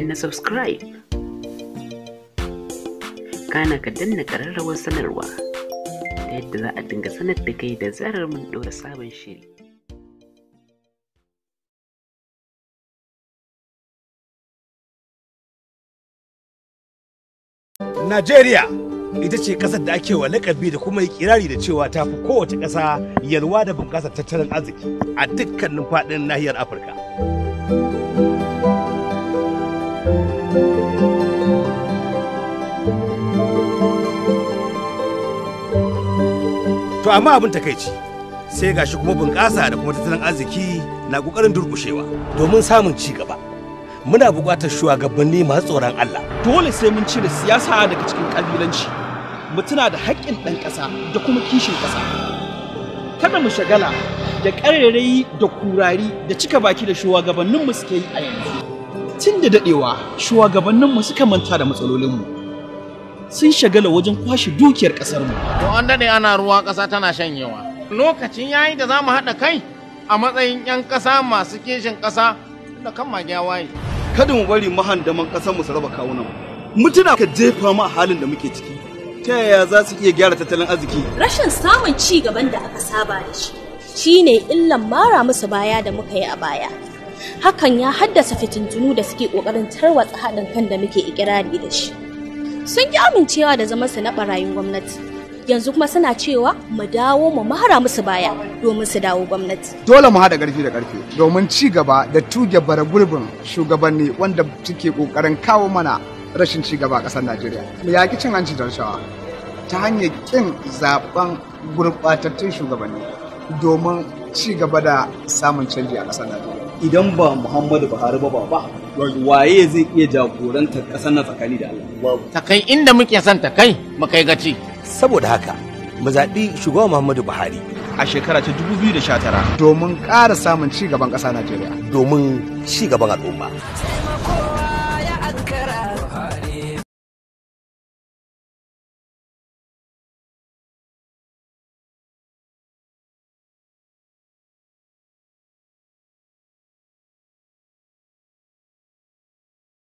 danna subscribe kana ka danna ƙararrawar sanarwa ta yadda za a dinga sanar da kai da zarar mun ɗora sabon shiri Najeriya ita ce ƙasar da ake wa lakabi da kuma yi kirari da cewa ta fi kowace ƙasa yalwa da bunƙasar tattalin arziki a dukkanin faɗin nahiyar Afirka. To amma abin takaici sai gashi kuma bunƙasa da kuma tattalin arziki na ƙoƙarin durƙushewa domin samun ci gaba. Muna buƙatar shugabanni masu tsoron Allah. Dole sai mun cire siyasa daga cikin ƙabilanci. Mu tuna da haƙƙin ɗan ƙasa da kuma kishin ƙasa. Kada mu shagala da ƙarairayi da kurari da cika baki da shugabanninmu suke yi a yanzu. tun da daɗewa shugabanninmu suka manta da matsalolinmu sun shagala wajen kwashe dukiyar ƙasarmu. To an daɗe ana ruwa ƙasa tana shan yawa. Lokacin yayi da za mu haɗa kai a matsayin 'yan ƙasa masu keshin ƙasa da kan magiya waye. Kada mu bari mahandaman mu su raba kawunan. Mutuna ka jefa mu a halin da muke ciki. Ta yaya za su iya gyara tattalin arziki? Rashin samun ci gaban da aka saba da shi. Shi ne illan mara musu baya da muka yi a baya. hakan ya haddasa fitintunu da suke kokarin tarwatsa haɗin kan da muke ikirari da shi sun yi amincewa da zama su na ɓarayin gwamnati yanzu kuma suna cewa mu dawo mu mahara musu baya domin su dawo gwamnati dole mu haɗa ƙarfi da ƙarfe domin ci gaba da tuge bara gurbin shugabanni wanda suke kokarin kawo mana rashin ci gaba a ƙasar najeriya mu yaƙi cin hanci da rashawa ta hanyar ƙin zaben gurɓatattun shugabanni domin ci gaba da samun canji a ƙasar najeriya idan ba Muhammadu Buhari ba ba waye zai iya jagorantar ƙasar na tsakani da Allah. Ta kai inda muke son ta kai mu gaci. Saboda haka mu zaɓi shugaba Muhammadu Buhari a shekara ta 2019 domin ƙara samun ci gaban ƙasa Najeriya domin ci gaban al'umma.